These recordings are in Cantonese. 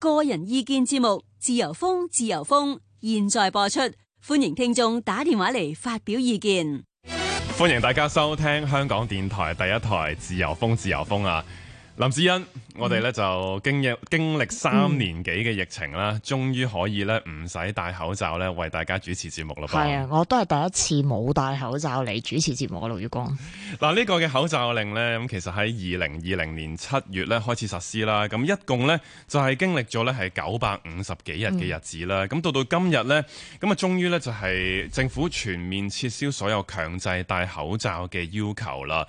個人意見節目，自由風，自由風，現在播出，歡迎聽眾打電話嚟發表意見。歡迎大家收聽香港電台第一台，自由風，自由風啊！林子恩，我哋咧就經疫，經歷三年幾嘅疫情啦，終於可以咧唔使戴口罩咧為大家主持節目啦。係啊，我都係第一次冇戴口罩嚟主持節目啊。盧月光，嗱呢個嘅口罩令咧，咁其實喺二零二零年七月咧開始實施啦。咁一共咧就係經歷咗咧係九百五十幾日嘅日子啦。咁到到今日咧，咁啊終於咧就係政府全面撤銷所有強制戴口罩嘅要求啦。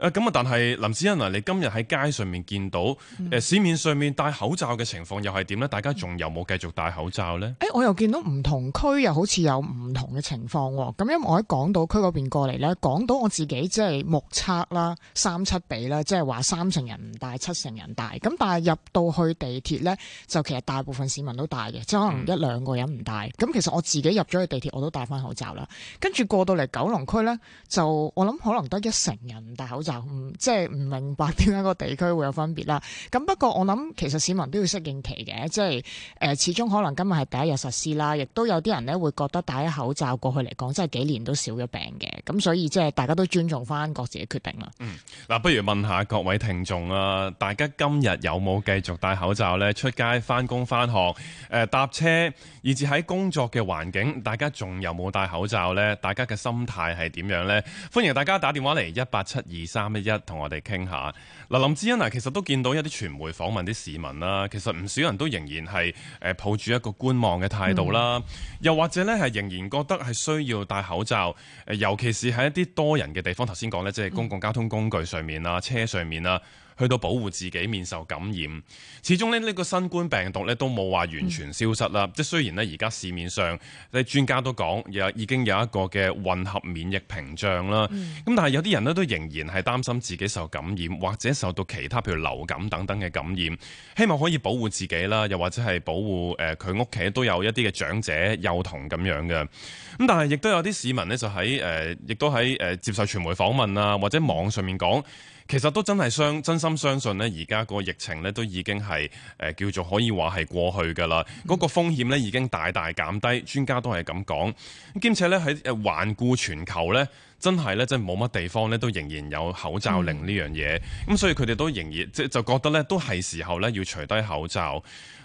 誒咁啊！但係林子欣啊，你今日喺街上面見到誒市面上面戴口罩嘅情況又係點咧？大家仲有冇繼續戴口罩咧？誒、欸，我又見到唔同區又好似有唔同嘅情況喎。咁因為我喺港島區嗰邊過嚟咧，港島我自己即係目測啦，三七比咧，即係話三成人唔戴，七成人戴。咁但係入到去地鐵咧，就其實大部分市民都戴嘅，即係可能一兩個人唔戴。咁、嗯、其實我自己入咗去地鐵我都戴翻口罩啦。跟住過到嚟九龍區咧，就我諗可能得一成人唔戴口罩。就唔即係唔明白點解個地區會有分別啦。咁不過我諗其實市民都要適應期嘅，即係誒始終可能今日係第一日實施啦。亦都有啲人咧會覺得戴口罩過去嚟講真係幾年都少咗病嘅。咁所以即係大家都尊重翻各自嘅決定啦。嗯，嗱，不如問下各位聽眾啊，大家今日有冇繼續戴口罩咧？出街翻工翻學、誒、呃、搭車，以至喺工作嘅環境，大家仲有冇戴口罩咧？大家嘅心態係點樣咧？歡迎大家打電話嚟一八七二三。三一一同我哋傾下嗱，林志恩嗱，其實都見到一啲傳媒訪問啲市民啦，其實唔少人都仍然係誒抱住一個觀望嘅態度啦，嗯、又或者咧係仍然覺得係需要戴口罩，誒，尤其是喺一啲多人嘅地方，頭先講咧即係公共交通工具上面啊、車上面啊。去到保護自己免受感染，始終咧呢、這個新冠病毒咧都冇話完全消失啦。即係、嗯、雖然咧而家市面上，啲專家都講有已經有一個嘅混合免疫屏障啦。咁、嗯、但係有啲人咧都仍然係擔心自己受感染，或者受到其他譬如流感等等嘅感染，希望可以保護自己啦，又或者係保護誒佢屋企都有一啲嘅長者、幼童咁樣嘅。咁但係亦都有啲市民咧就喺誒，亦、呃、都喺誒接受傳媒訪問啊，或者網上面講。其實都真係相真心相信呢，而家個疫情呢都已經係誒、呃、叫做可以話係過去㗎啦，嗰、嗯、個風險呢已經大大減低，專家都係咁講。兼且呢喺誒環顧全球呢。真係咧，真係冇乜地方咧都仍然有口罩令呢、嗯、樣嘢，咁所以佢哋都仍然即係就覺得咧都係時候咧要除低口罩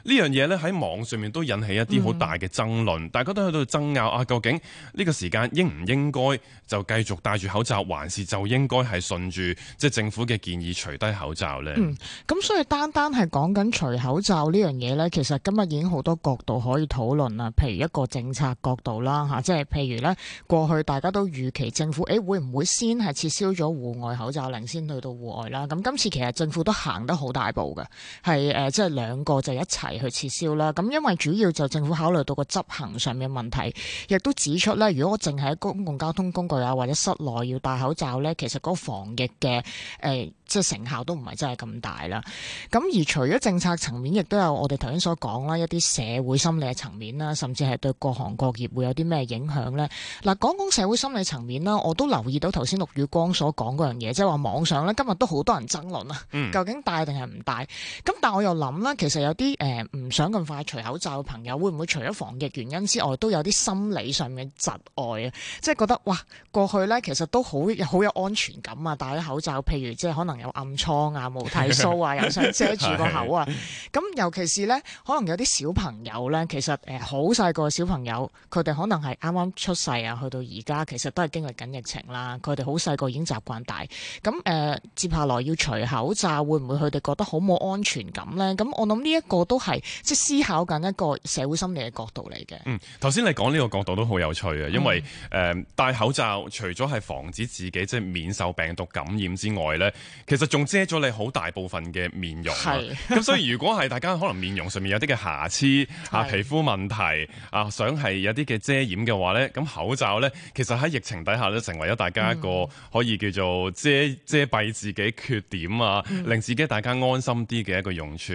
呢樣嘢咧，喺網上面都引起一啲好大嘅爭論，嗯、大家都喺度爭拗啊！究竟呢個時間應唔應該就繼續戴住口罩，還是就應該係順住即係政府嘅建議除低口罩呢？嗯，咁所以單單係講緊除口罩呢樣嘢咧，其實今日已經好多角度可以討論啦，譬如一個政策角度啦吓，即係譬如咧過去大家都預期政府。誒會唔會先係撤銷咗戶外口罩令先去到戶外啦？咁今次其實政府都行得好大步嘅，係誒即係兩個就一齊去撤銷啦。咁因為主要就政府考慮到個執行上面嘅問題，亦都指出咧，如果我淨係喺公共交通工具啊或者室內要戴口罩咧，其實嗰個防疫嘅誒即係成效都唔係真係咁大啦。咁而除咗政策層面，亦都有我哋頭先所講啦，一啲社會心理嘅層面啦，甚至係對各行各業會有啲咩影響咧？嗱，講講社會心理層面啦，我。都留意到頭先陸宇光所講嗰樣嘢，即係話網上咧今日都好多人爭論啊，究竟戴定係唔戴？咁、嗯、但係我又諗啦，其實有啲誒唔想咁快除口罩嘅朋友，會唔會除咗防疫原因之外，都有啲心理上嘅窒礙啊？即係覺得哇，過去咧其實都好好有安全感啊，戴咗口罩，譬如即係可能有暗瘡啊、冇剃鬚啊， 又想遮住個口啊。咁 尤其是咧，可能有啲小朋友咧，其實誒好細個小朋友，佢哋可能係啱啱出世啊，去到而家其實都係經歷緊嘅。情啦，佢哋好細個已經習慣戴咁，誒，接下來要除口罩，會唔會佢哋覺得好冇安全感咧？咁我諗呢一個都係即係思考緊一個社會心理嘅角度嚟嘅。嗯，頭先你講呢個角度都好有趣啊，因為誒戴口罩除咗係防止自己即係免受病毒感染之外咧，其實仲遮咗你好大部分嘅面容。係咁，所以如果係大家可能面容上面有啲嘅瑕疵啊、皮膚問題啊，想係有啲嘅遮掩嘅話咧，咁口罩咧，其實喺疫情底下咧為咗大家一個可以叫做遮遮蔽自己缺點啊，令自己大家安心啲嘅一個用處。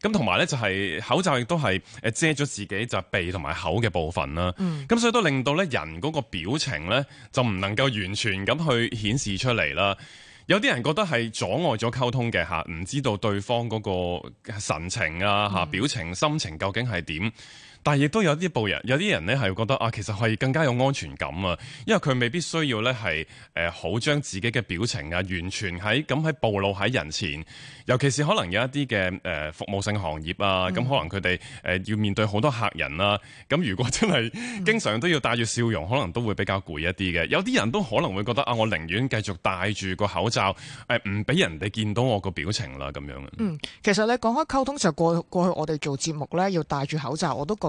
咁同埋呢，就係、是、口罩亦都係誒遮咗自己隻鼻同埋口嘅部分啦，、啊。咁所以都令到呢人嗰個表情呢，就唔能夠完全咁去顯示出嚟啦。有啲人覺得係阻礙咗溝通嘅，吓，唔知道對方嗰個神情啊吓、表情、心情究竟係點。但係亦都有啲報人，有啲人咧係覺得啊，其實係更加有安全感啊，因為佢未必需要咧係誒好將自己嘅表情啊，完全喺咁喺暴露喺人前。尤其是可能有一啲嘅誒服務性行業啊，咁可能佢哋誒要面對好多客人啦。咁、啊、如果真係經常都要帶住笑容，可能都會比較攰一啲嘅。有啲人都可能會覺得啊，我寧願繼續戴住個口罩，誒唔俾人哋見到我個表情啦咁樣。嗯，其實你講開溝通就候過過去，過去我哋做節目咧要戴住口罩，我都覺。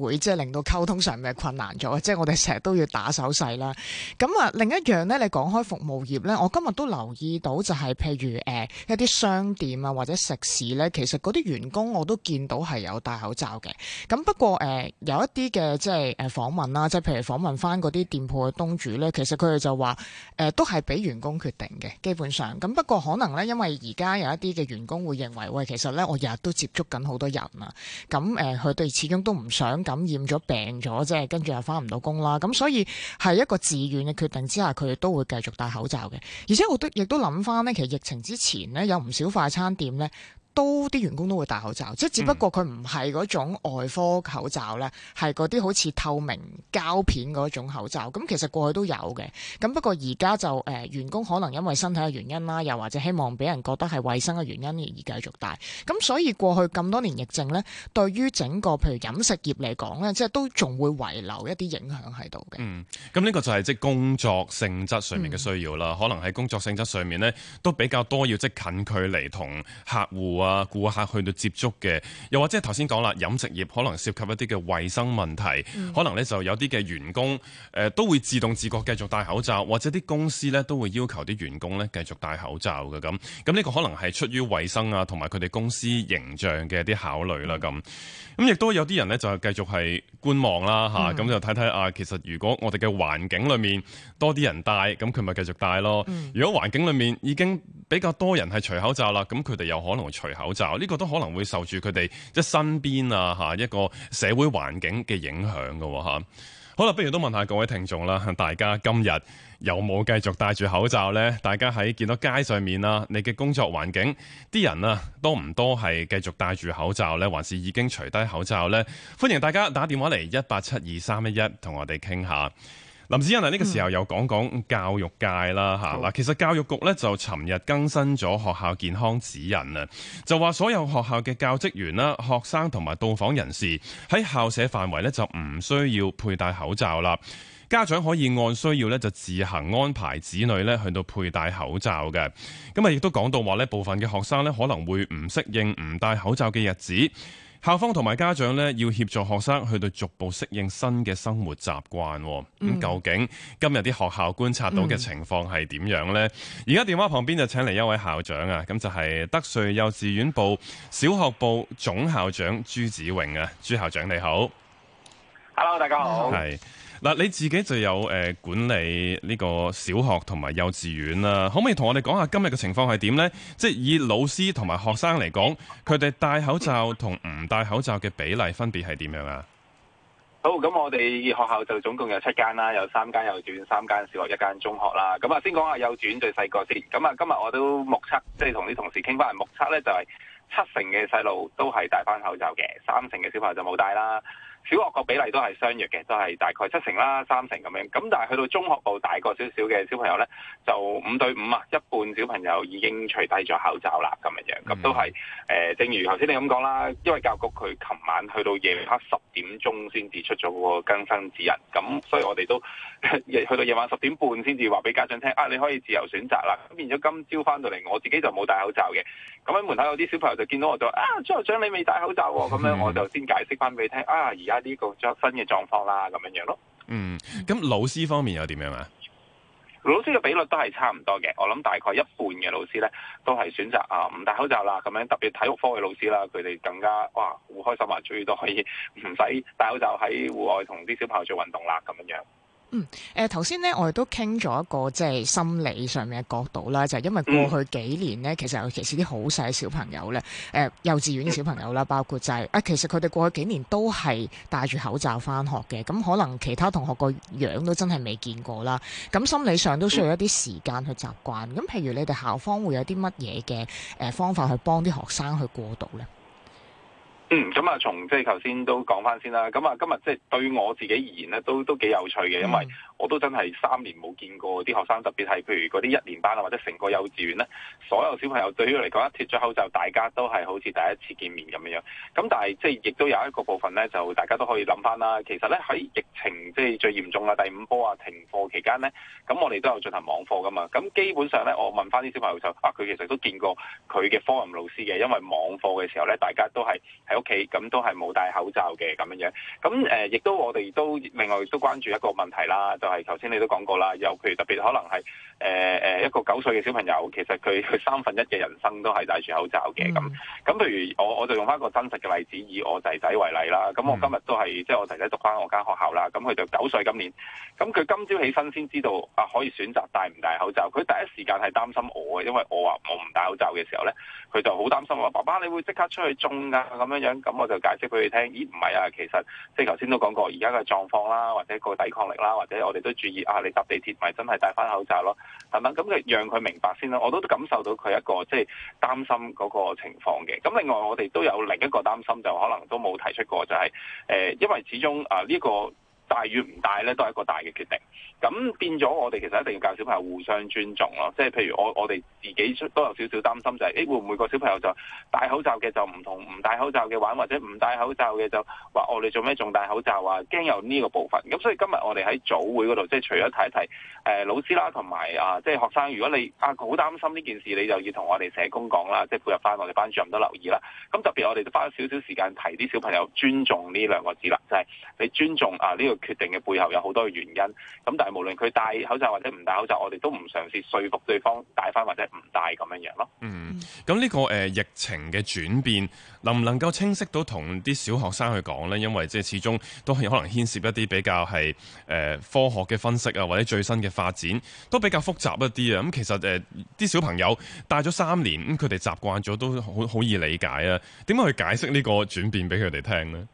會即係令到溝通上面嘅困難咗，即係我哋成日都要打手勢啦。咁啊，另一樣咧，你講開服務業咧，我今日都留意到就係、是、譬如誒、呃、一啲商店啊或者食肆咧，其實嗰啲員工我都見到係有戴口罩嘅。咁不過誒、呃、有一啲嘅即係誒、呃、訪問啦、啊，即係譬如訪問翻嗰啲店鋪嘅東主咧，其實佢哋就話誒、呃、都係俾員工決定嘅，基本上。咁不過可能咧，因為而家有一啲嘅員工會認為喂，其實咧我日日都接觸緊好多人啊，咁誒佢哋始終都唔想。感染咗病咗啫，跟住又翻唔到工啦，咁所以係一個自願嘅決定之下，佢哋都會繼續戴口罩嘅。而且我都亦都諗翻呢，其實疫情之前呢，有唔少快餐店呢。都啲員工都會戴口罩，即係只不過佢唔係嗰種外科口罩咧，係嗰啲好似透明膠片嗰種口罩。咁其實過去都有嘅，咁不過而家就誒、呃、員工可能因為身體嘅原因啦，又或者希望俾人覺得係衛生嘅原因而繼續戴。咁所以過去咁多年疫症咧，對於整個譬如飲食業嚟講咧，即係都仲會遺留一啲影響喺度嘅。嗯，咁呢個就係即係工作性質上面嘅需要啦。嗯、可能喺工作性質上面咧，都比較多要即係近距離同客戶，啊！顧客去到接觸嘅，又或者係頭先講啦，飲食業可能涉及一啲嘅衛生問題，嗯、可能咧就有啲嘅員工誒、呃、都會自動自覺繼續戴口罩，嗯、或者啲公司咧都會要求啲員工咧繼續戴口罩嘅咁。咁呢個可能係出於衛生啊，同埋佢哋公司形象嘅一啲考慮啦咁。咁亦、嗯、都有啲人咧就係繼續係觀望啦吓，咁、嗯、就睇睇啊。其實如果我哋嘅環境裏面多啲人戴，咁佢咪繼續戴咯。嗯、如果環境裏面已經比較多人係除口罩啦，咁佢哋又可能除。口罩呢、這個都可能會受住佢哋即身邊啊吓一個社會環境嘅影響噶吓、啊，好啦，不如都問下各位聽眾啦，大家今日有冇繼續戴住口罩呢？大家喺見到街上面啊，你嘅工作環境啲人啊多唔多係繼續戴住口罩呢？還是已經除低口罩呢？歡迎大家打電話嚟一八七二三一一，同我哋傾下。林子欣啊，呢、這個時候又講講教育界啦嚇嗱，嗯、其實教育局呢，就尋日更新咗學校健康指引啊，就話所有學校嘅教職員啦、學生同埋到訪人士喺校舍範圍呢，就唔需要佩戴口罩啦，家長可以按需要呢，就自行安排子女呢去到佩戴口罩嘅，咁啊亦都講到話呢部分嘅學生呢，可能會唔適應唔戴口罩嘅日子。校方同埋家長咧，要協助學生去到逐步適應新嘅生活習慣、哦。咁、嗯、究竟今日啲學校觀察到嘅情況係點樣呢？而家、嗯、電話旁邊就請嚟一位校長啊，咁就係德萃幼稚園部小學部總校長朱子穎啊，朱校長你好，Hello，大家好，係。嗱，你自己就有誒、呃、管理呢個小學同埋幼稚園啦、啊，可唔可以同我哋講下今日嘅情況係點呢？即係以老師同埋學生嚟講，佢哋戴口罩同唔戴口罩嘅比例分別係點樣啊？好，咁我哋學校就總共有七間啦，有三間幼稚園、三間小學、一間中學啦。咁啊，先講下幼稚園最細個先。咁啊，今日我都目測，即係同啲同事傾翻嚟，目測呢就係七成嘅細路都係戴翻口罩嘅，三成嘅小朋友就冇戴啦。小學個比例都係相若嘅，都係大概七成啦、三成咁樣。咁但係去到中學部大個少少嘅小朋友呢，就五對五啊，一半小朋友已經除低咗口罩啦，咁樣。咁都係誒、呃，正如頭先你咁講啦，因為教育局佢琴晚去到夜晚十點鐘先至出咗個更新指引，咁所以我哋都 去到夜晚十點半先至話俾家長聽啊，你可以自由選擇啦。咁變咗今朝翻到嚟，我自己就冇戴口罩嘅。咁喺門口有啲小朋友就見到我就話啊，張學長你未戴口罩喎、哦。咁樣、嗯、我就先解釋翻俾你聽啊，喺呢個執分嘅狀況啦，咁樣樣咯。嗯，咁老師方面又點樣啊？老師嘅比率都係差唔多嘅，我諗大概一半嘅老師咧，都係選擇啊唔戴口罩啦。咁樣特別體育科嘅老師啦，佢哋更加哇好開心啊，終於都可以唔使戴口罩喺戶外同啲小朋友做運動啦，咁樣樣。嗯，誒頭先咧，我哋都傾咗一個即係心理上面嘅角度啦，就係、是、因為過去幾年咧，其實尤其是啲好細嘅小朋友咧，誒、呃、幼稚園嘅小朋友啦，包括就係、是、啊、呃，其實佢哋過去幾年都係戴住口罩返學嘅，咁可能其他同學個樣都真係未見過啦，咁心理上都需要一啲時間去習慣。咁譬如你哋校方會有啲乜嘢嘅誒方法去幫啲學生去過渡咧？咁啊、嗯嗯，從即係頭先都講翻先啦。咁啊，今日即係對我自己而言咧，都都幾有趣嘅，因為我都真係三年冇見過啲學生，特別係譬如嗰啲一年班啊，或者成個幼稚園咧，所有小朋友對於我嚟講，一脱咗口罩，大家都係好似第一次見面咁樣樣。咁但係即係亦都有一個部分咧，就大家都可以諗翻啦。其實咧，喺疫情即係最嚴重啊，第五波啊停課期間咧，咁我哋都有進行網課噶嘛。咁基本上咧，我問翻啲小朋友就啊，佢其實都見過佢嘅科任老師嘅，因為網課嘅時候咧，大家都係喺咁都係冇戴口罩嘅咁樣樣，咁誒，亦、呃、都我哋都另外都關注一個問題啦，就係頭先你都講過啦，尤其特別可能係誒誒一個九歲嘅小朋友，其實佢佢三分一嘅人生都係戴住口罩嘅咁，咁、mm. 譬如我我就用翻一個真實嘅例子，以我仔仔為例啦，咁我今日都係、mm. 即係我仔仔讀翻我間學校啦，咁佢就九歲今年，咁佢今朝起身先知道啊可以選擇戴唔戴口罩，佢第一時間係擔心我嘅，因為我話我唔戴口罩嘅時候咧，佢就好擔心話爸爸你會即刻出去中㗎咁樣樣。咁我就解釋俾佢聽，咦唔係啊，其實即係頭先都講過，而家嘅狀況啦，或者個抵抗力啦，或者我哋都注意啊，你搭地鐵咪真係戴翻口罩咯，係咪？咁就讓佢明白先咯。我都感受到佢一個即係擔心嗰個情況嘅。咁另外我哋都有另一個擔心，就可能都冇提出過，就係誒，因為始終啊呢個。戴與唔戴咧，都係一個大嘅決定。咁變咗，我哋其實一定要教小朋友互相尊重咯。即係譬如我我哋自己都有少少擔心就，就係誒會唔會個小朋友就戴口罩嘅就唔同唔戴口罩嘅玩，或者唔戴口罩嘅就話我哋做咩仲戴口罩啊？驚有呢個部分。咁所以今日我哋喺組會嗰度，即係除咗睇一睇誒老師啦，同埋啊即係學生。如果你啊好擔心呢件事，你就要同我哋社工講啦，即係配合翻我哋班主任都留意啦。咁特別我哋都花咗少少時間提啲小朋友尊重呢兩個字啦，就係你尊重啊呢個決定嘅背後有好多嘅原因，咁但係無論佢戴口罩或者唔戴口罩，我哋都唔嘗試說服對方戴翻或者唔戴咁樣樣咯。嗯，咁呢、這個誒、呃、疫情嘅轉變，能唔能夠清晰到同啲小學生去講呢？因為即係始終都係可能牽涉一啲比較係誒、呃、科學嘅分析啊，或者最新嘅發展都比較複雜一啲啊。咁其實誒啲、呃、小朋友戴咗三年，咁佢哋習慣咗都好好易理解啊。點樣去解釋呢個轉變俾佢哋聽呢？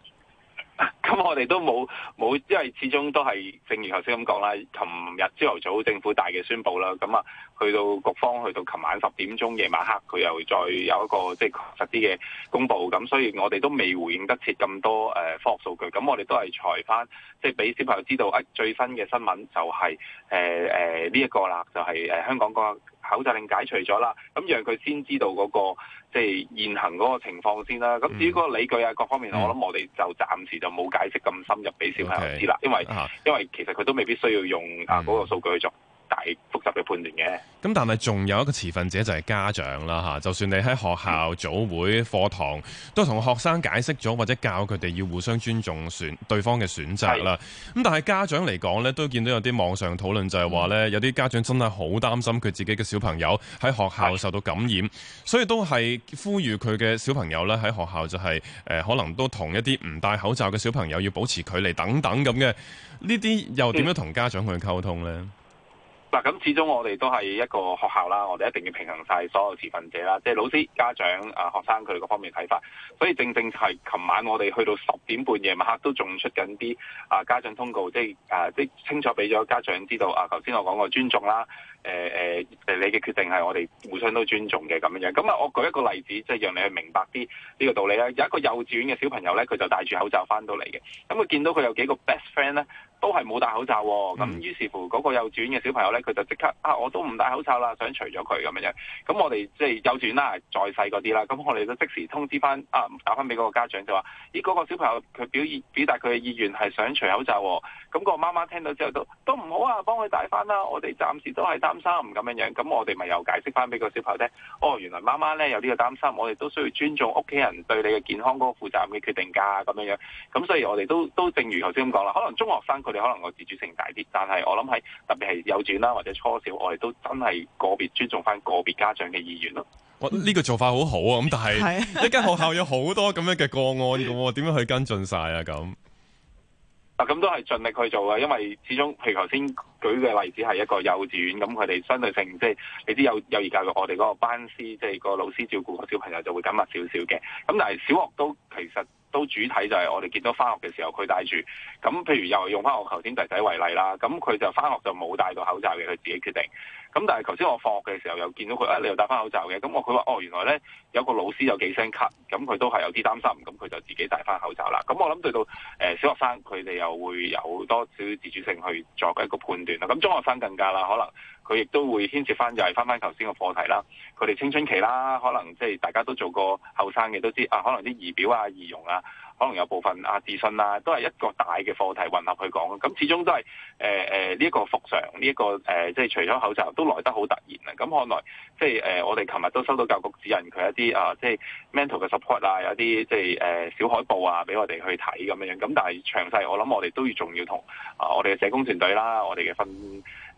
咁我哋都冇冇，因為始終都係正如頭先咁講啦。琴日朝頭早政府大嘅宣布啦，咁啊，去到局方去到琴晚十點鐘夜晚黑，佢又再有一個即係確實啲嘅公布。咁所以我哋都未回應得切咁多誒、呃、科學數據。咁我哋都係裁翻，即係俾小朋友知道啊最新嘅新聞就係誒誒呢一個啦，就係、是、誒、呃、香港個。口罩令解除咗啦，咁讓佢先知道嗰、嗰個即係現行嗰個情況先啦。咁、嗯、至於嗰個理據啊，各方面、嗯、我諗我哋就暫時就冇解釋咁深入俾小朋友知啦，okay, uh huh. 因為因為其實佢都未必需要用啊嗰個數據去做。嗯嗯大複雜嘅判斷嘅，咁，但係仲有一個持份者就係家長啦吓。就算你喺學校、嗯、組會、課堂都同學生解釋咗，或者教佢哋要互相尊重選對方嘅選擇啦。咁是但係家長嚟講呢，都見到有啲網上討論就係話呢：嗯「有啲家長真係好擔心佢自己嘅小朋友喺學校受到感染，是所以都係呼籲佢嘅小朋友呢喺學校就係、是、誒、呃，可能都同一啲唔戴口罩嘅小朋友要保持距離等等咁嘅呢啲，又點樣同家長去溝通呢？嗯嗱，咁始終我哋都係一個學校啦，我哋一定要平衡晒所有持份者啦，即係老師、家長、啊學生佢哋各方面睇法，所以正正係琴晚我哋去到十點半夜晚黑都仲出緊啲啊家長通告，即係啊即係清楚俾咗家長知道啊，頭先我講過尊重啦。誒誒、呃呃，你嘅決定係我哋互相都尊重嘅咁樣樣。咁啊，我舉一個例子，即係讓你去明白啲呢個道理啦。有一個幼稚園嘅小朋友咧，佢就戴住口罩翻到嚟嘅。咁佢見到佢有幾個 best friend 咧，都係冇戴口罩喎。咁於是乎嗰個幼稚園嘅小朋友咧，佢就即刻啊，我都唔戴口罩啦，想除咗佢咁樣。咁我哋即係幼稚園啦，再細嗰啲啦，咁我哋都即時通知翻啊，打翻俾嗰個家長就話：咦，嗰個小朋友佢表意表達佢嘅意願係想除口罩喎。咁個媽媽聽到之後都都唔好啊，幫佢戴翻啦。我哋暫時都係戴。擔心唔咁樣樣，咁我哋咪又解釋翻俾個小朋友聽，哦，原來媽媽咧有呢個擔心，我哋都需要尊重屋企人對你嘅健康嗰個負責任嘅決定㗎，咁樣樣。咁所以我哋都都正如頭先咁講啦，可能中學生佢哋可能個自主性大啲，但係我諗喺特別係幼稚園啦或者初小，我哋都真係個別尊重翻個別家長嘅意願咯。哇，呢個做法好好啊！咁但係一間學校有好多咁樣嘅個案嘅，點 樣去跟進晒啊？咁？嗱，咁、啊、都係盡力去做㗎，因為始終，譬如頭先舉嘅例子係一個幼稚園，咁佢哋相對性，即係你知幼幼兒教育，我哋嗰個班師，即係個老師照顧個小朋友就會緊密少少嘅，咁但係小學都其實。都主體就係我哋見到返學嘅時候，佢戴住。咁譬如又用返我頭先弟弟為例啦，咁佢就返學就冇戴到口罩嘅，佢自己決定。咁但係頭先我放學嘅時候又見到佢啊，你又戴返口罩嘅。咁我佢話哦，原來咧有個老師有幾聲咳。咁佢都係有啲擔心，咁佢就自己戴返口罩啦。咁我諗對到誒、呃、小學生佢哋又會有多少少自主性去作一個判斷啦。咁中學生更加啦，可能。佢亦都會牽涉翻，又係翻翻頭先嘅課題啦。佢哋青春期啦，可能即係大家都做過後生嘅都知啊。可能啲儀表啊、儀容啊，可能有部分啊自信啊，都係一個大嘅課題混合去講。咁、嗯、始終都係誒誒呢一個復常呢一個誒，即、呃、係、就是、除咗口罩都來得好突然啊。咁、嗯、看來即係誒，我哋琴日都收到教局指引佢一啲啊，即、呃、係、就是、mental 嘅 support 啊，有啲即係誒小海報啊，俾我哋去睇咁樣。咁但係詳細，我諗我哋都要仲要同啊，我哋嘅社工團隊啦，我哋嘅分。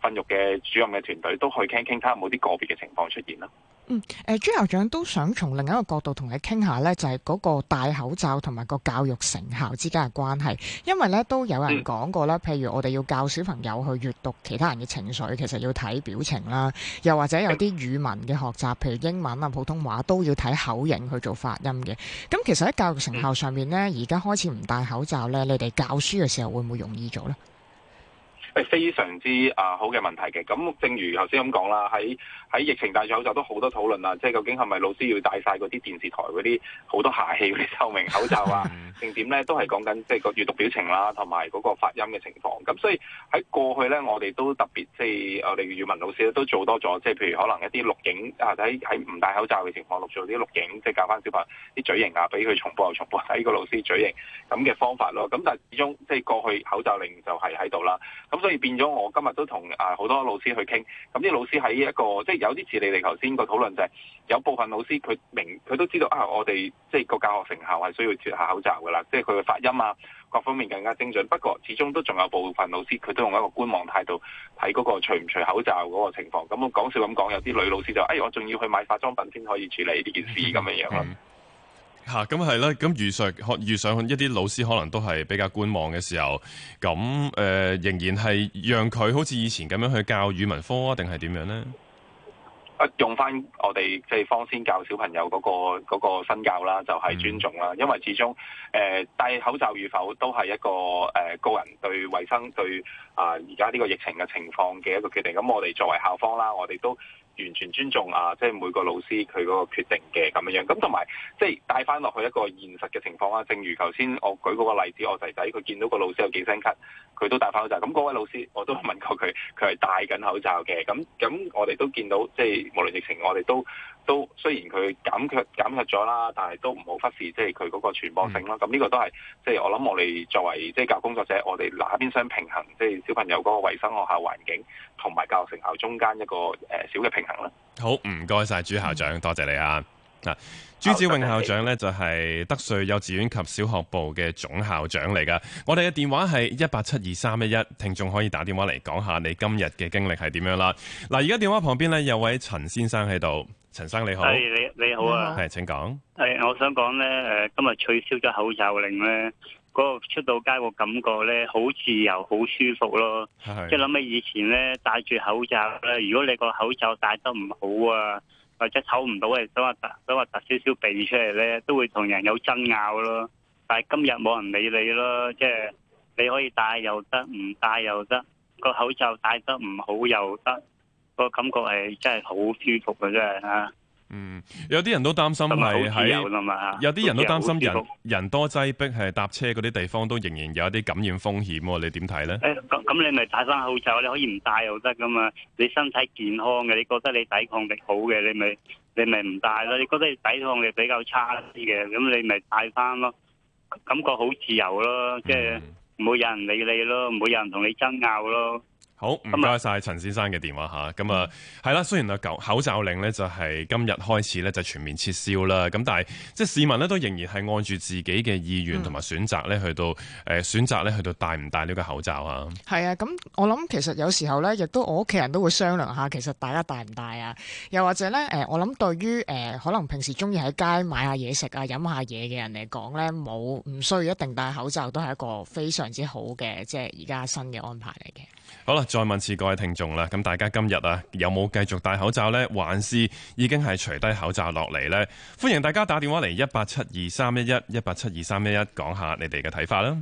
訓育嘅主任嘅團隊都去傾傾，睇下，冇啲個別嘅情況出現啦。嗯，誒、呃，朱校長都想從另一個角度同你傾下呢，就係、是、嗰個戴口罩同埋個教育成效之間嘅關係。因為呢，都有人講過啦，嗯、譬如我哋要教小朋友去閱讀其他人嘅情緒，其實要睇表情啦。又或者有啲語文嘅學習，譬如英文啊、普通話都要睇口型去做發音嘅。咁其實喺教育成效上面呢，而家、嗯、開始唔戴口罩呢，你哋教書嘅時候會唔會容易做呢？係非常之啊好嘅問題嘅，咁正如頭先咁講啦，喺喺疫情戴住口罩都好多討論啊，即係究竟係咪老師要戴晒嗰啲電視台嗰啲好多下氣嗰啲透明口罩啊，定點咧都係講緊即係個閱讀表情啦，同埋嗰個發音嘅情況。咁所以喺過去咧，我哋都特別即係我哋語文老師都做多咗，即係譬如可能一啲錄影啊，喺喺唔戴口罩嘅情況錄做啲錄影，即係教翻小朋友啲嘴型啊，俾佢重播又重播睇個老師嘴型咁嘅方法咯。咁但係始終即係過去口罩令就係喺度啦，咁。所以變咗，我今日都同啊好多老師去傾。咁啲老師喺一個即係有啲似你哋頭先個討論就係，有部分老師佢明佢都知道啊，我哋即係個教學成效係需要脫下口罩噶啦，即係佢嘅發音啊各方面更加精準。不過始終都仲有部分老師佢都用一個觀望態度睇嗰個除唔除口罩嗰個情況。咁我講笑咁講，有啲女老師就誒、哎，我仲要去買化妝品先可以處理呢件事咁樣樣咯。嗯嗯嚇，咁係啦，咁遇上可遇上一啲老師可能都係比較觀望嘅時候，咁誒仍然係讓佢好似以前咁樣去教語文科定係點樣呢？用翻我哋即係方先教小朋友嗰個嗰個新教啦，就係尊重啦，因為始終誒戴口罩與否都係一個誒個人對衞生對啊而家呢個疫情嘅情況嘅一個決定。咁我哋作為校方啦，我哋都。完全尊重啊，即係每個老師佢嗰個決定嘅咁樣樣，咁同埋即係戴翻落去一個現實嘅情況啦。正如頭先我舉嗰個例子，我仔仔佢見到個老師有幾聲咳，佢都戴翻口罩。咁、那、嗰、個、位老師我都問過佢，佢係戴緊口罩嘅。咁咁我哋都見到，即係無論疫情，我哋都都雖然佢減卻減卻咗啦，但係都唔好忽視即係佢嗰個傳播性啦。咁呢個都係即係我諗，我哋作為即係教育工作者，我哋哪邊想平衡即係小朋友嗰個衞生學校環境同埋教學成效中間一個誒、呃、小嘅平。好，唔該晒朱校長，嗯、多謝你啊！啊、哦，朱子穎校長呢，謝謝就係德萃幼稚園及小學部嘅總校長嚟噶。我哋嘅電話係一八七二三一一，聽眾可以打電話嚟講下你今日嘅經歷係點樣啦。嗱，而家電話旁邊呢，有位陳先生喺度，陳生你好，你你好啊，係請講，係我想講呢，誒，今日取消咗口罩令呢。嗰個出到街個感覺咧，好自由、好舒服咯。即係諗起以前咧，戴住口罩咧，如果你個口罩戴得唔好啊，或者唞唔到，想話突想話凸少少鼻出嚟咧，都會同人有爭拗咯。但係今日冇人理你咯，即係你可以戴又得，唔戴又得，個口罩戴得唔好又得，個感覺係真係好舒服嘅、啊，真係啊！嗯，有啲人都擔心係喺有啲人都擔心人人多擠逼係搭車嗰啲地方都仍然有一啲感染風險，你點睇呢？咁、欸、你咪戴翻口罩，你可以唔戴又得噶嘛？你身體健康嘅，你覺得你抵抗力好嘅，你咪你咪唔戴咯。你覺得你抵抗力比較差啲嘅，咁你咪戴翻咯。感覺好自由咯，即係、嗯、唔會有人理你咯，唔會有人同你爭拗咯。好唔該晒陳先生嘅電話吓，咁、嗯、啊係啦。雖然啊，舊口罩令咧就係今日開始咧就全面撤銷啦。咁但係即係市民咧都仍然係按住自己嘅意願同埋選擇咧去到誒、嗯呃、選擇咧去到戴唔戴呢個口罩啊？係啊，咁我諗其實有時候咧亦都我屋企人都會商量下，其實大家戴唔戴啊？又或者咧誒，我諗對於誒、呃、可能平時中意喺街買下嘢食啊、飲下嘢嘅人嚟講咧，冇唔需要一定戴口罩，都係一個非常之好嘅即係而家新嘅安排嚟嘅。好啦，再問次各位聽眾啦，咁大家今日啊，有冇繼續戴口罩呢？還是已經係除低口罩落嚟呢？歡迎大家打電話嚟一八七二三一一一八七二三一一講下你哋嘅睇法啦。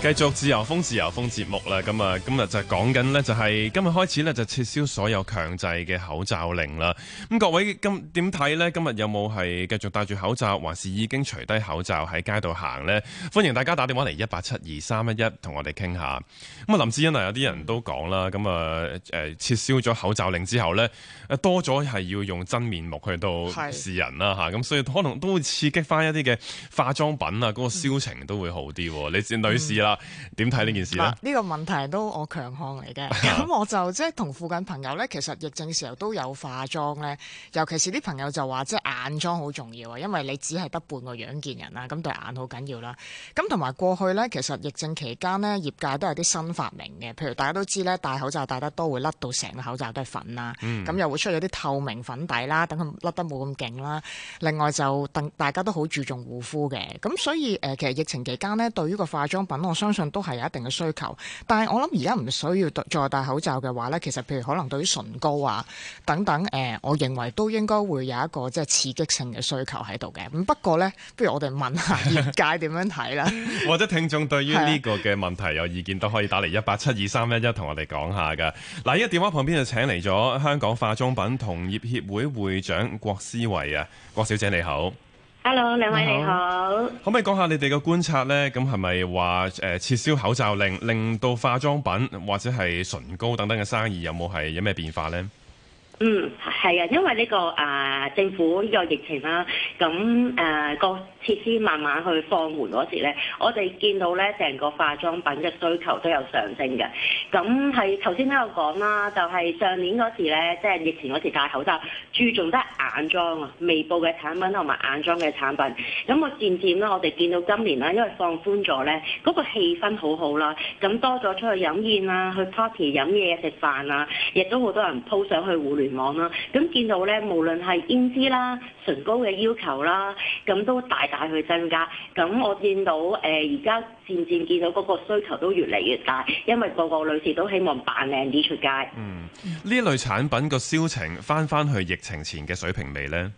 繼續自由風自由風節目啦，咁啊，今日就講緊呢，就係今日開始呢，就撤銷所有強制嘅口罩令啦。咁各位今點睇呢？今日有冇係繼續戴住口罩，還是已經除低口罩喺街度行呢？歡迎大家打電話嚟一八七二三一一同我哋傾下。咁啊，林志欣啊，有啲人都講啦，咁啊，誒、呃，撤銷咗口罩令之後呢，多咗係要用真面目去到示人啦吓，咁是、啊、所以可能都會刺激翻一啲嘅化妝品啊，嗰、那個銷情都會好啲。嗯、你女士啊？嗯啊，點睇呢件事？呢個問題都我強項嚟嘅，咁 我就即係同附近朋友呢，其實疫症嘅時候都有化妝呢，尤其是啲朋友就話即係眼妝好重要啊，因為你只係得半個樣見人啦，咁對眼好緊要啦。咁同埋過去呢，其實疫症期間呢，業界都有啲新發明嘅，譬如大家都知呢，戴口罩戴得多會甩到成個口罩都係粉啦，咁、嗯、又會出咗啲透明粉底啦，等佢甩得冇咁勁啦。另外就大家都好注重護膚嘅，咁所以誒，其實疫情期間呢，對於個化妝品相信都係有一定嘅需求，但係我諗而家唔需要再戴口罩嘅話咧，其實譬如可能對於唇膏啊等等，誒我認為都應該會有一個即係刺激性嘅需求喺度嘅。咁不過咧，不如我哋問下業界點樣睇啦。 或者聽眾對於呢個嘅問題有意見都可以打嚟，一八七二三一一同我哋講下噶。嗱，依家電話旁邊就請嚟咗香港化妝品同業協會會長郭詩慧啊，郭小姐你好。Hello，兩位你好。可唔可以講下你哋嘅觀察咧？咁係咪話誒撤銷口罩令，令到化妝品或者係唇膏等等嘅生意有冇係有咩變化咧？嗯，係啊，因為呢個啊，呃，政府呢個疫情啦，咁誒個設施慢慢去放緩嗰時咧，我哋見到咧成個化妝品嘅需求都有上升嘅。咁係頭先都有講啦，就係上年嗰時咧，即係疫情嗰時戴口罩，注重得眼妝啊、眉部嘅產品同埋眼妝嘅產品。咁我漸漸啦，我哋見到今年啦，因為放寬咗咧，嗰個氣氛好好啦，咁多咗出去飲宴啊、去 party 飲嘢食飯啊，亦都好多人 po 上去互聯網啦，咁見到咧，無論係胭脂啦、唇膏嘅要求啦，咁都大大去增加。咁我見到誒，而家漸漸見到嗰個需求都越嚟越大，因為個個女士都希望扮靚啲出街。嗯，呢類產品個銷情翻翻去疫情前嘅水平未呢？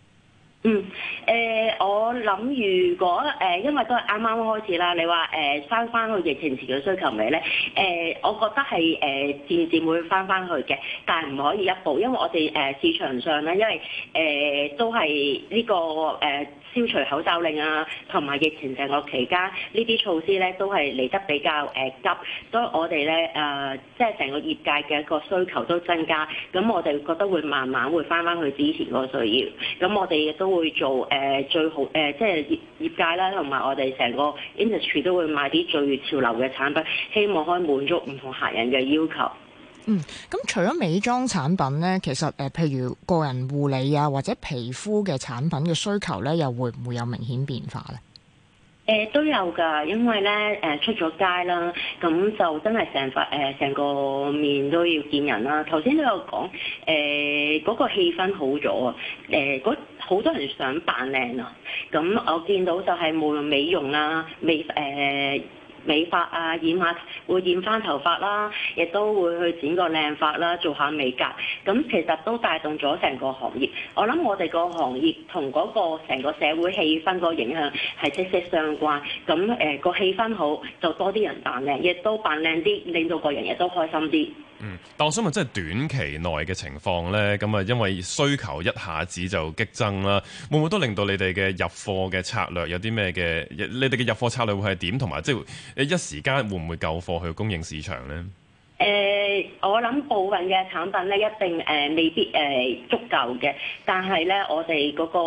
嗯，誒、呃，我諗如果誒、呃，因為都係啱啱開始啦，你話誒，翻翻去疫情前嘅需求未咧？誒、呃，我覺得係誒、呃，漸漸會翻翻去嘅，但係唔可以一步，因為我哋誒、呃、市場上咧，因為誒、呃、都係呢、這個誒、呃、消除口罩令啊，同埋疫情成個期間呢啲措施咧，都係嚟得比較誒、呃、急，所以我哋咧誒，即係成個業界嘅一個需求都增加，咁我哋覺得會慢慢會翻翻去之前個需要，咁我哋亦都，會做誒、呃、最好誒、呃，即係業業界啦，同埋我哋成個 industry 都會買啲最潮流嘅產品，希望可以滿足唔同客人嘅要求。嗯，咁除咗美妝產品咧，其實誒、呃，譬如個人護理啊，或者皮膚嘅產品嘅需求咧，又會唔會有明顯變化咧？誒都有㗎，因為咧誒、呃、出咗街啦，咁就真係成塊誒成個面都要見人啦。頭先都有講誒嗰個氣氛好咗，誒嗰好多人想扮靚啊，咁我見到就係無論美容啦、啊、美誒。呃美髮啊，染下會染翻頭髮啦，亦都會去剪個靚髮啦，做下美甲，咁其實都帶動咗成個行業。我諗我哋個行業同嗰個成個社會氣氛個影響係息息相關。咁、那、誒個氣氛好，就多啲人扮靚，亦都扮靚啲，令到個人亦都開心啲。嗯，但我想問，即係短期內嘅情況咧，咁啊，因為需求一下子就激增啦，會唔會都令到你哋嘅入貨嘅策略有啲咩嘅？你哋嘅入貨策略會係點？同埋即係一時間會唔會夠貨去供應市場咧？我諗部分嘅產品咧，一定誒、呃、未必誒、呃、足夠嘅，但係咧，我哋嗰個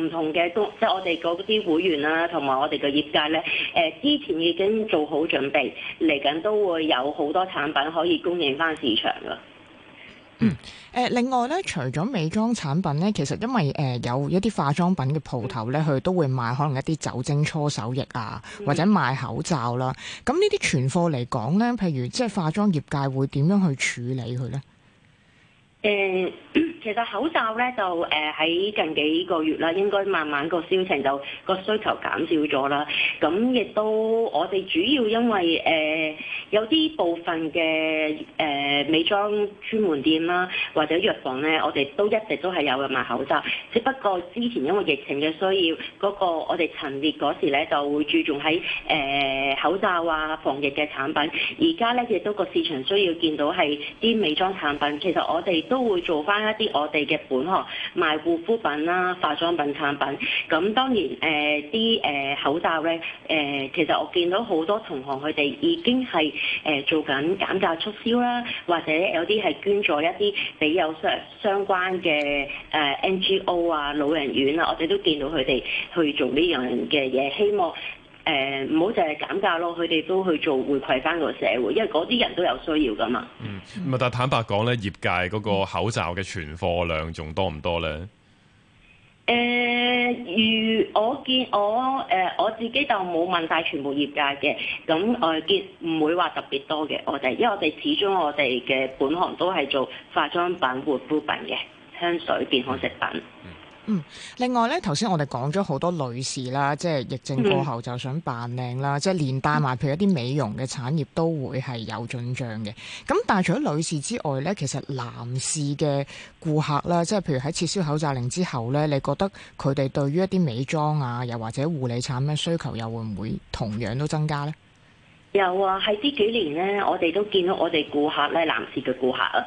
唔同嘅供，即、就、係、是、我哋嗰啲會員啦、啊，同埋我哋嘅業界咧，誒、呃、之前已經做好準備，嚟緊都會有好多產品可以供應翻市場噶。嗯，另外咧，除咗美妝產品咧，其實因為誒、呃、有一啲化妝品嘅鋪頭咧，佢都會賣可能一啲酒精搓手液啊，或者賣口罩啦。咁、嗯、呢啲存貨嚟講咧，譬如即係化妝業界會點樣去處理佢呢？誒，其實口罩咧就誒喺、呃、近幾個月啦，應該慢慢個銷情就個需求減少咗啦。咁亦都我哋主要因為誒、呃、有啲部分嘅誒、呃、美妝專門店啦、啊，或者藥房咧，我哋都一直都係有嘅賣口罩。只不過之前因為疫情嘅需要，嗰、那個我哋陳列嗰時咧就會注重喺誒、呃、口罩啊、防疫嘅產品。而家咧亦都個市場需要見到係啲美妝產品，其實我哋，都會做翻一啲我哋嘅本行賣護膚品啦、化妝品產品。咁當然誒啲誒口罩咧誒、呃，其實我見到好多同行佢哋已經係誒、呃、做緊減價促銷啦，或者有啲係捐咗一啲俾有相相關嘅誒、呃、NGO 啊、老人院啊，我哋都見到佢哋去做呢樣嘅嘢，希望。誒唔好淨係減價咯，佢哋都去做回饋翻個社會，因為嗰啲人都有需要噶嘛。嗯，咁啊，但坦白講咧，業界嗰個口罩嘅存貨量仲多唔多咧？誒、嗯，如我見我誒、呃、我自己就冇問曬全部業界嘅，咁我見唔會話特別多嘅我哋，因為我哋始終我哋嘅本行都係做化妝品、護膚品嘅香水、健康食品。嗯嗯。嗯，另外咧，頭先我哋講咗好多女士啦，即係疫症過後就想扮靚啦，嗯、即係連帶埋譬如一啲美容嘅產業都會係有進賬嘅。咁但係除咗女士之外咧，其實男士嘅顧客啦，即係譬如喺撤銷口罩令之後咧，你覺得佢哋對於一啲美妝啊，又或者護理產品需求又會唔會同樣都增加呢？有啊，喺呢幾年咧，我哋都見到我哋顧客咧，男士嘅顧客。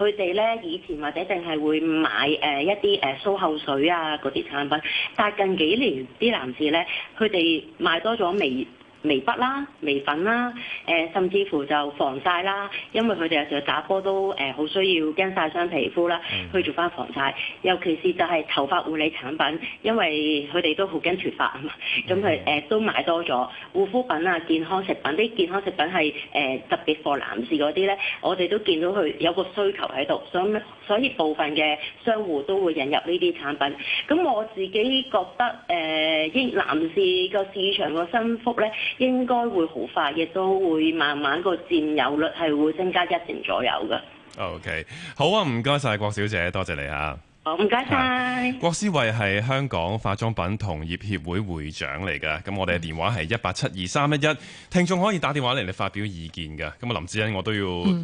佢哋呢，以前或者淨係會買誒、呃、一啲誒鬚後水啊、嗰啲產品，但係近幾年啲男士呢，佢哋買多咗微眉筆啦、眉粉啦、誒、呃、甚至乎就防曬啦，因為佢哋有時候打波都誒好、呃、需要驚曬傷皮膚啦，mm hmm. 去做翻防曬。尤其是就係頭髮護理產品，因為佢哋都好驚脫髮啊嘛，咁佢誒都買多咗護膚品啊、健康食品，啲健康食品係誒、呃、特別 for 男士嗰啲咧，我哋都見到佢有個需求喺度，所以咧。所以部分嘅商戶都會引入呢啲產品。咁我自己覺得，誒、呃，男士個市場個升幅咧，應該會好快，亦都會慢慢個佔有率係會增加一成左右嘅。OK，好啊，唔該晒郭小姐，多謝你啊。好，唔該晒。郭、嗯、詩慧係香港化妝品同業協會會長嚟㗎，咁我哋嘅電話係一八七二三一一，聽眾可以打電話嚟你發表意見㗎。咁啊，林志欣我都要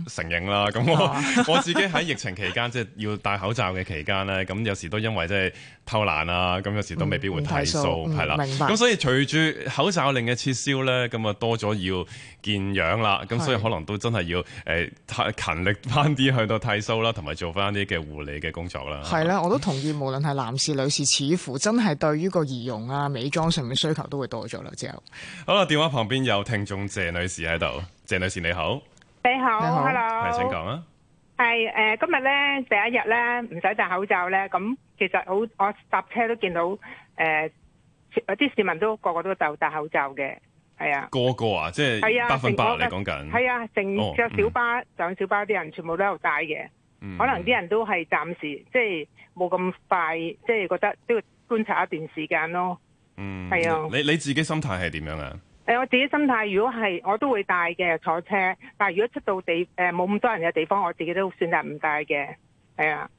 承認啦，咁、嗯、我 我自己喺疫情期間即係、就是、要戴口罩嘅期間呢，咁有時都因為即、就、係、是。偷懶啊！咁有時都未必會剃鬚，係啦、嗯、明白。咁的、嗯嗯、所以隨住口罩令嘅撤銷咧，咁啊多咗要見樣啦。咁所以可能都真係要誒、呃、勤力翻啲去到剃鬚啦，同埋做翻啲嘅護理嘅工作啦。係啦、嗯嗯，我都同意，無論係男士女士，似乎真係對於個儀容啊、美妝上面嘅需求都會多咗啦。之後，好啦，電話旁邊有聽眾謝女士喺度，謝女士你好，你好，你好，係好 Hello. 請講啊。係誒、呃，今日咧第一日咧，唔使戴口罩咧。咁其實好，我搭車都見到誒，啲、呃、市民都個個都就戴口罩嘅。係啊，個個啊，即係百分百。你講緊。係啊，成隻、啊、小巴、哦嗯、上小巴啲人全部都喺度戴嘅。嗯、可能啲人都係暫時即係冇咁快，即係覺得都要觀察一段時間咯。嗯，係啊。你你自己心態係點樣啊？誒，我自己心態如果係，我都會帶嘅坐車。但係如果出到地誒冇咁多人嘅地方，我自己都選擇唔帶嘅。係啊，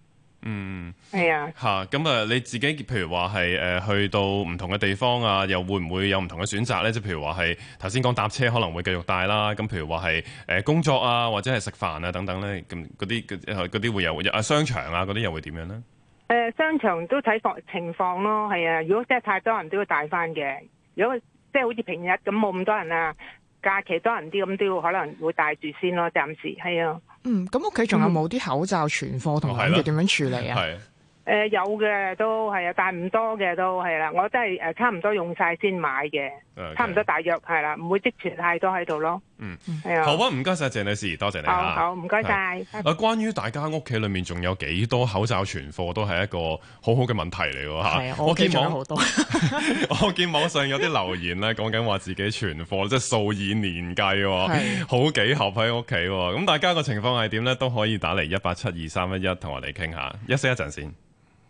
嗯，係啊的。吓、嗯，咁啊，你自己譬如話係誒去到唔同嘅地方啊，又會唔會有唔同嘅選擇咧？即係譬如話係頭先講搭車可能會繼續帶啦。咁譬如話係誒工作啊，或者係食飯啊等等咧，咁嗰啲嗰嗰啲會有啊商場啊嗰啲又會點樣咧？誒、呃，商場都睇情況咯。係啊，如果真係太多人都會帶翻嘅。如果即係好似平日咁冇咁多人啊，假期多人啲咁都要可能會戴住先咯，暫時係啊。嗯，咁屋企仲有冇啲口罩存貨同埋要點樣處理啊？係啊。誒、呃，有嘅都係啊，但唔多嘅都係啦。我真係誒、呃，差唔多用晒先買嘅，okay. 差唔多大約係啦，唔會積存太多喺度咯。嗯，係啊。好啊，唔該晒鄭女士，多謝你。好，唔該晒。謝謝啊，關於大家屋企裏面仲有幾多口罩存貨，都係一個好好嘅問題嚟㗎吓。啊、我見網上好多，我見網上有啲留言咧，講緊話自己存貨即係數以年計，好幾盒喺屋企。咁大家個情況係點咧？都可以打嚟一八七二三一一同我哋傾下。休息一陣先。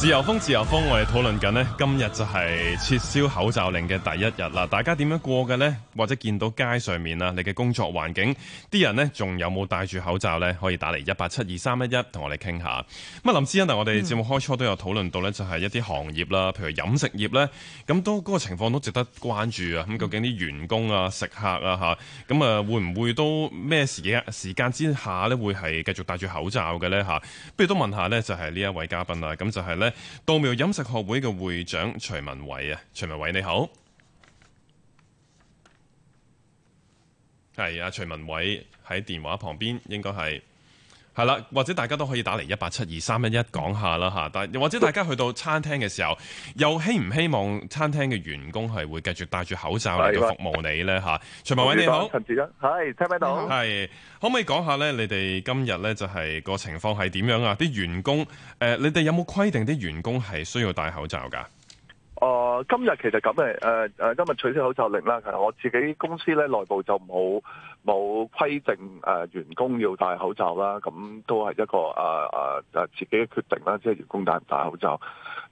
自由風，自由風，我哋討論緊呢。今日就係撤銷口罩令嘅第一日啦。大家點樣過嘅呢？或者見到街上面啊，你嘅工作環境啲人呢，仲有冇戴住口罩呢？可以打嚟一八七二三一一，同我哋傾下。咁啊，林思欣，我哋節目開初都有討論到呢，就係一啲行業啦，譬如飲食業呢。咁都嗰個情況都值得關注啊。咁究竟啲員工啊、食客啊嚇，咁啊會唔會都咩時時間之下呢會係繼續戴住口罩嘅呢？嚇？不如都問下呢，就係呢一位嘉賓啦，咁就係呢。稻苗飲食學會嘅會長徐汶緯啊，徐汶緯你好，係呀，徐汶緯喺電話旁邊，應該係。係啦，或者大家都可以打嚟一八七二三一一講下啦吓，但係或者大家去到餐廳嘅時候，又希唔希望餐廳嘅員工係會繼續戴住口罩嚟到服務你咧吓？徐汶緯你好，陳主任，係聽到？係，可唔可以講下咧？你哋今日咧就係個情況係點樣啊？啲員工，誒，你哋有冇規定啲員工係需要戴口罩噶？啊，今日其實咁嘅，誒誒，今日取消口罩令啦。其實我自己公司咧內部就冇冇規定誒員工要戴口罩啦。咁都係一個啊啊啊自己嘅決定啦，即係員工戴唔戴口罩。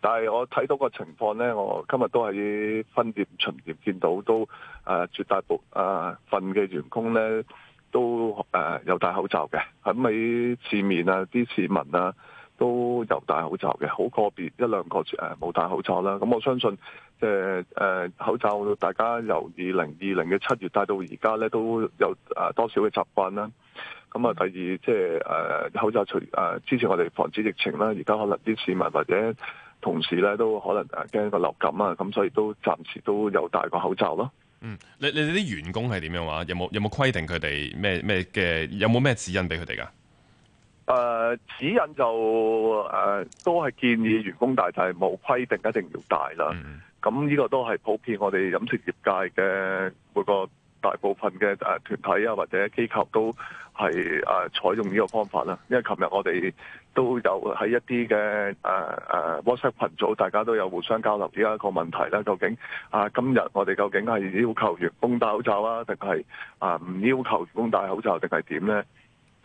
但係我睇到個情況咧，我今日都喺分店巡業見到都誒絕大部誒份嘅員工咧都誒有戴口罩嘅，喺喺店面啊啲市民啊。都有戴口罩嘅，好個別一兩個誒冇戴口罩啦。咁我相信即係誒口罩，大家由二零二零嘅七月戴到而家咧，都有誒、呃、多少嘅習慣啦。咁啊，第二即係誒口罩除誒、呃、之前我哋防止疫情啦，而家可能啲市民或者同事咧都可能誒驚個流感啊，咁所以都暫時都有戴個口罩咯。嗯，你你哋啲員工係點樣話？有冇有冇規定佢哋咩咩嘅？有冇咩指引俾佢哋㗎？誒指引就誒、呃、都係建議員工戴，但係冇規定一定要戴啦。咁呢個都係普遍我哋飲食業界嘅每個大部分嘅誒、呃、團體啊或者機構都係誒、呃、採用呢個方法啦。因為琴日我哋都有喺一啲嘅誒誒 WhatsApp 群組，大家都有互相交流呢一個問題啦。究竟啊、呃、今日我哋究竟係要求員工戴口罩啊，定係啊唔要求員工戴口罩定係點咧？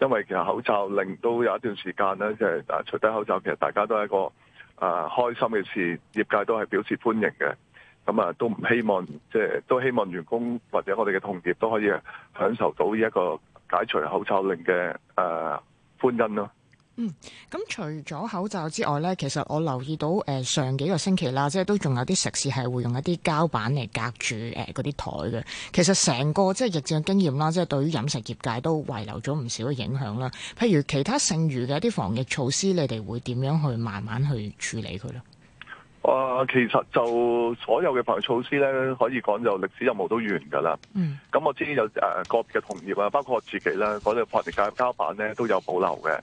因為其實口罩令都有一段時間咧，即係除低口罩，其實大家都係一個啊開心嘅事，業界都係表示歡迎嘅。咁啊，都唔希望，即係都希望員工或者我哋嘅同業都可以享受到呢一個解除口罩令嘅啊歡欣咯。啊嗯，咁除咗口罩之外咧，其實我留意到誒、呃、上幾個星期啦，即係都仲有啲食肆係會用一啲膠板嚟隔住誒嗰啲台嘅。其實成個即係疫情嘅經驗啦，即係對於飲食業界都遺留咗唔少嘅影響啦。譬如其他剩餘嘅一啲防疫措施，你哋會點樣去慢慢去處理佢咧？啊、呃，其實就所有嘅防疫措施咧，可以講就歷史任務都完噶啦。嗯，咁我知有誒個別嘅同業啊，包括我自己啦，嗰啲防疫嘅膠板咧都有保留嘅。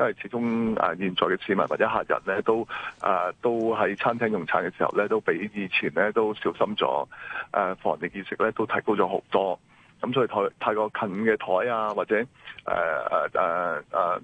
因為始終誒、呃、現在嘅市民或者客人咧，都誒、呃、都喺餐廳用餐嘅時候咧，都比以前咧都小心咗，誒、呃、防疫意識咧都提高咗好多。咁、嗯、所以台太過近嘅枱啊，或者誒誒誒誒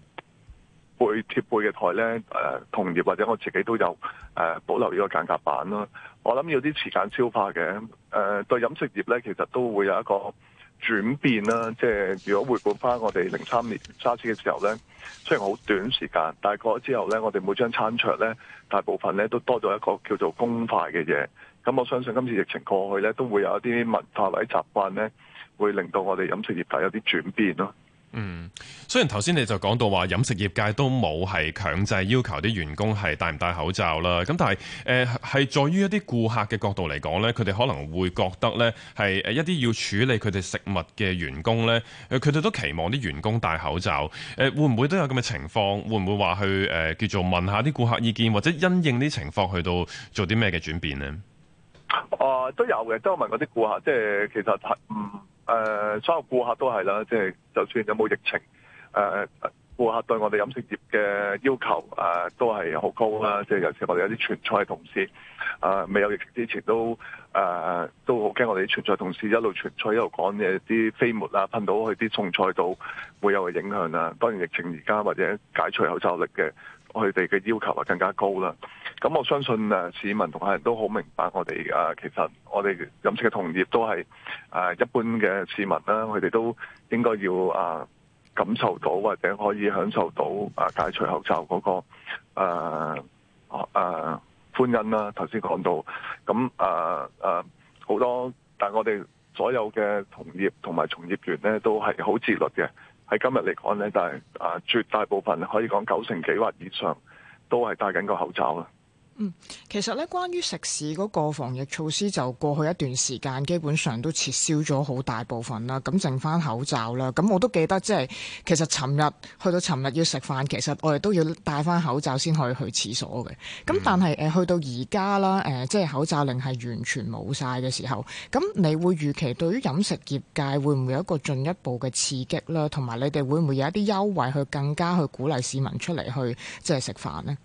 背貼背嘅枱咧，誒、呃、同業或者我自己都有誒、呃、保留呢個間隔板咯、啊。我諗要啲時間消化嘅，誒、呃、對飲食業咧，其實都會有一個轉變啦，即係如果回顧翻我哋零三年沙士嘅時候呢，雖然好短時間，但係過咗之後呢，我哋每張餐桌呢，大部分呢都多咗一個叫做公筷嘅嘢。咁我相信今次疫情過去呢，都會有一啲文化或者習慣呢，會令到我哋飲食業界有啲轉變咯。嗯，雖然頭先你就講到話飲食業界都冇係強制要求啲員工係戴唔戴口罩啦，咁但係誒係在於一啲顧客嘅角度嚟講呢，佢哋可能會覺得呢，係一啲要處理佢哋食物嘅員工呢，佢哋都期望啲員工戴口罩，誒、呃、會唔會都有咁嘅情況？會唔會話去誒、呃、叫做問下啲顧客意見，或者因應啲情況去到做啲咩嘅轉變呢？呃、都有嘅，都有問嗰啲顧客，即係其實係嗯。誒、uh, 所有顧客都係啦，即係就算有冇疫情，誒、呃、顧客對我哋飲食業嘅要求誒、呃、都係好高啦。即係尤其我哋有啲傳菜同事，誒、呃、未有疫情之前都誒、呃、都好驚我哋啲傳菜同事一路傳菜一路講嘢，啲飛沫啊，噴到去啲餸菜度會有影響啊。當然疫情而家或者解除口罩令嘅，佢哋嘅要求啊更加高啦，咁我相信啊市民同客人都好明白我哋啊，其實我哋飲食嘅同業都係啊一般嘅市民啦，佢哋都應該要啊感受到或者可以享受到啊解除口罩嗰個啊啊歡欣啦，頭先講到咁啊啊好多，但係我哋所有嘅同業同埋從業員咧都係好自律嘅。喺今日嚟講咧，但係啊絕大部分可以講九成幾或以上都係戴緊個口罩啊！嗯，其實咧，關於食肆嗰個防疫措施，就過去一段時間基本上都撤銷咗好大部分啦，咁剩翻口罩啦。咁我都記得，即係其實尋日去到尋日要食飯，其實我哋都要戴翻口罩先可以去廁所嘅。咁、嗯、但係誒、呃，去到而家啦，誒、呃、即係口罩令係完全冇晒嘅時候，咁你會預期對於飲食業界會唔會有一個進一步嘅刺激啦？同埋你哋會唔會有一啲優惠去更加去鼓勵市民出嚟去即係食飯呢？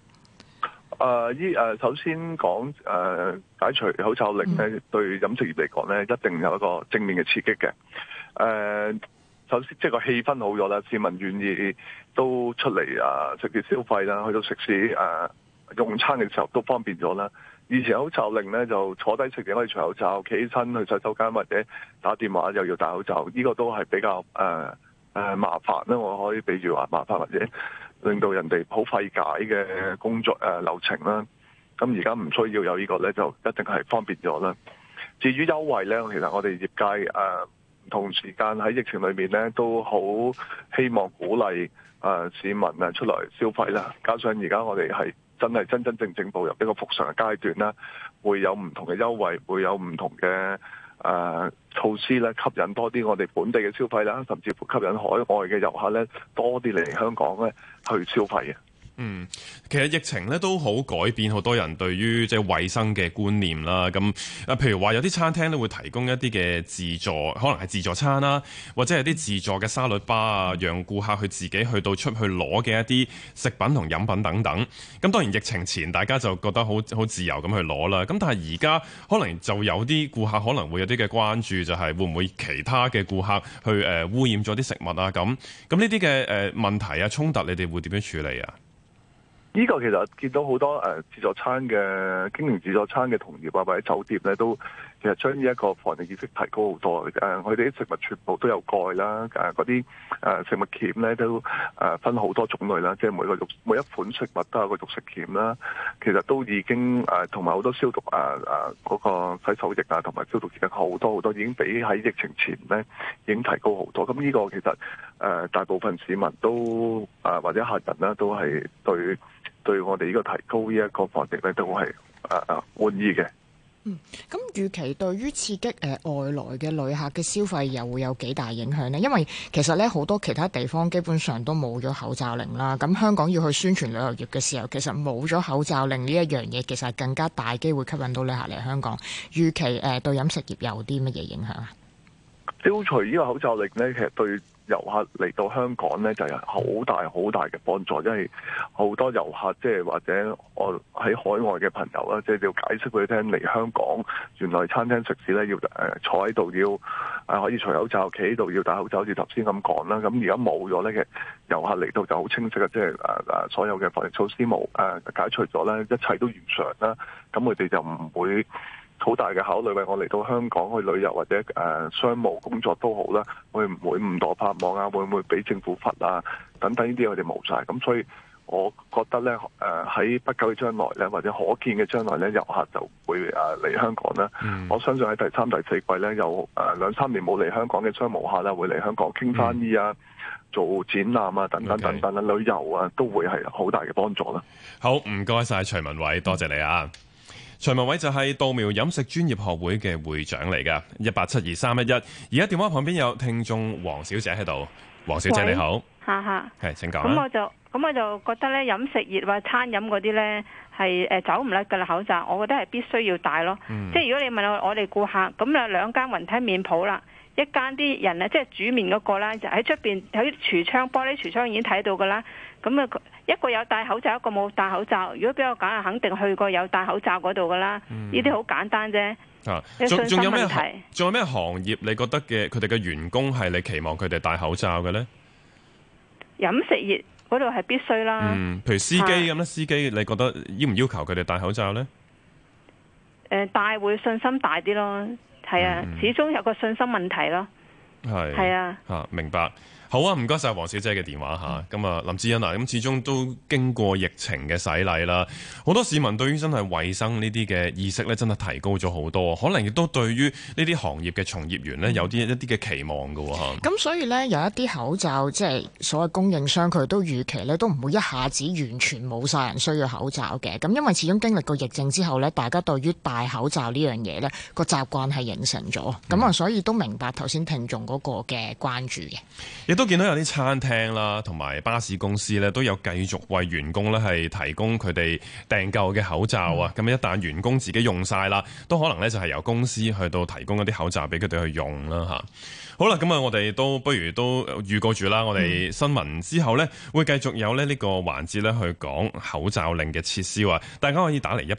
誒，依誒、呃，首先講誒、呃，解除口罩令咧，對飲食業嚟講咧，一定有一個正面嘅刺激嘅。誒、呃，首先即係個氣氛好咗啦，市民願意都出嚟啊，食、呃、嘢消費啦，去到食肆誒、呃、用餐嘅時候都方便咗啦。以前口罩令咧就坐低食嘢可以除口罩，企起身去洗手間或者打電話又要戴口罩，呢、這個都係比較誒誒、呃呃、麻煩啦。我可以比如話麻煩或者。令到人哋好費解嘅工作誒、呃、流程啦，咁而家唔需要有呢、這個咧，就一定係方便咗啦。至於優惠咧，其實我哋業界誒唔、呃、同時間喺疫情裏面咧，都好希望鼓勵誒、呃、市民啊出嚟消費啦。加上而家我哋係真係真真正正步入一個復常嘅階段啦，會有唔同嘅優惠，會有唔同嘅。誒、呃、措施咧，吸引多啲我哋本地嘅消費啦，甚至乎吸引海外嘅遊客咧，多啲嚟香港咧去消費嘅。嗯，其實疫情咧都好改變好多人對於即係衛生嘅觀念啦。咁啊，譬如話有啲餐廳都會提供一啲嘅自助，可能係自助餐啦、啊，或者係啲自助嘅沙律吧啊，讓顧客去自己去到出去攞嘅一啲食品同飲品等等。咁當然疫情前大家就覺得好好自由咁去攞啦。咁但係而家可能就有啲顧客可能會有啲嘅關注，就係會唔會其他嘅顧客去誒汙染咗啲食物啊？咁咁呢啲嘅誒問題啊衝突，你哋會點樣處理啊？呢個其實見到好多誒自助餐嘅經營自助餐嘅同業啊，或者酒店咧，都其實將呢一個防疫意識提高好多。誒、呃，佢哋啲食物全部都有蓋啦，誒嗰啲誒食物鉗咧都誒分好多種類啦，即係每個肉每一款食物都有個肉食鉗啦。其實都已經誒同埋好多消毒誒誒嗰個洗手液啊，同埋消毒液好很多好多，已經比喺疫情前咧已經提高好多。咁呢個其實誒、呃、大部分市民都誒、呃、或者客人啦，都係對。對我哋呢個提高呢一個防疫呢，都係誒滿意嘅。嗯，咁預期對於刺激誒、呃、外來嘅旅客嘅消費又會有幾大影響呢？因為其實呢，好多其他地方基本上都冇咗口罩令啦。咁香港要去宣傳旅遊業嘅時候，其實冇咗口罩令呢一樣嘢，其實係更加大機會吸引到旅客嚟香港。預期誒對飲食業有啲乜嘢影響啊？消除呢個口罩令呢，其實對？遊客嚟到香港咧，就有好大好大嘅幫助，因為好多遊客即係或者我喺海外嘅朋友啦，即係要解釋佢聽嚟香港原來餐廳食肆咧要誒、呃、坐喺度要啊可以除、呃、口罩，企喺度要戴口罩，好似頭先咁講啦。咁而家冇咗咧嘅遊客嚟到就好清晰嘅，即係誒誒所有嘅防疫措施冇誒、呃、解除咗咧，一切都如常啦。咁佢哋就唔會。好大嘅考慮，為我嚟到香港去旅遊或者誒、呃、商務工作都好啦，會唔會誤墮拍網啊？會唔會俾政府罰啊？等等呢啲我哋冇晒。咁所以我覺得咧誒喺不久嘅將來咧，或者可見嘅將來咧，遊客就會誒嚟、呃、香港啦。嗯、我相信喺第三、第四季咧，有誒、呃、兩三年冇嚟香港嘅商務客啦，會嚟香港傾生意啊、嗯、做展覽啊、等等等等啊、Okay. 旅遊啊，都會係好大嘅幫助啦、啊。好，唔該晒，徐汶緯，多謝，謝你啊！徐汶緯就係稻苗飲食專業學會嘅會長嚟噶，一八七二三一一。而家電話旁邊有聽眾黃小姐喺度，黃小姐喂你好，哈哈，係請教。咁我就，咁我就覺得咧，飲食業或餐飲嗰啲咧，係、呃、誒走唔甩噶啦口罩，我覺得係必須要戴咯。嗯、即係如果你問我我哋顧客，咁啊兩間雲吞麵鋪啦，一間啲人咧即係煮、那個、面嗰個啦，就喺出邊喺櫥窗玻璃櫥窗已經睇到噶啦。咁啊，一個有戴口罩，一個冇戴口罩。如果比較講，肯定去過有戴口罩嗰度噶啦。呢啲好簡單啫。啊，仲有咩問題仲有咩行業？你覺得嘅佢哋嘅員工係你期望佢哋戴口罩嘅呢？飲食業嗰度係必須啦、嗯。譬如司機咁咧，是司機你覺得要唔要求佢哋戴口罩呢？誒、呃，戴會信心大啲咯。係啊，嗯、始終有個信心問題咯。係。係啊。嚇、啊，明白。好啊，唔該晒黃小姐嘅電話嚇。咁啊、嗯，林志恩啊，咁始終都經過疫情嘅洗禮啦。好多市民對於真係衞生呢啲嘅意識咧，真係提高咗好多。可能亦都對於呢啲行業嘅從業員呢，有啲一啲嘅期望嘅喎嚇。咁、嗯、所以呢，有一啲口罩即係所謂供應商，佢都預期呢，都唔會一下子完全冇晒人需要口罩嘅。咁因為始終經歷過疫症之後呢，大家對於戴口罩呢樣嘢呢個習慣係形成咗。咁啊、嗯，嗯、所以都明白頭先聽眾嗰個嘅關注嘅。都見到有啲餐廳啦，同埋巴士公司咧，都有繼續為員工咧係提供佢哋訂購嘅口罩啊。咁、嗯、一旦員工自己用晒啦，都可能咧就係由公司去到提供一啲口罩俾佢哋去用啦吓，好啦，咁啊，我哋都不如都預告住啦，我哋新聞之後咧會繼續有咧呢個環節咧去講口罩令嘅撤銷啊。大家可以打嚟一。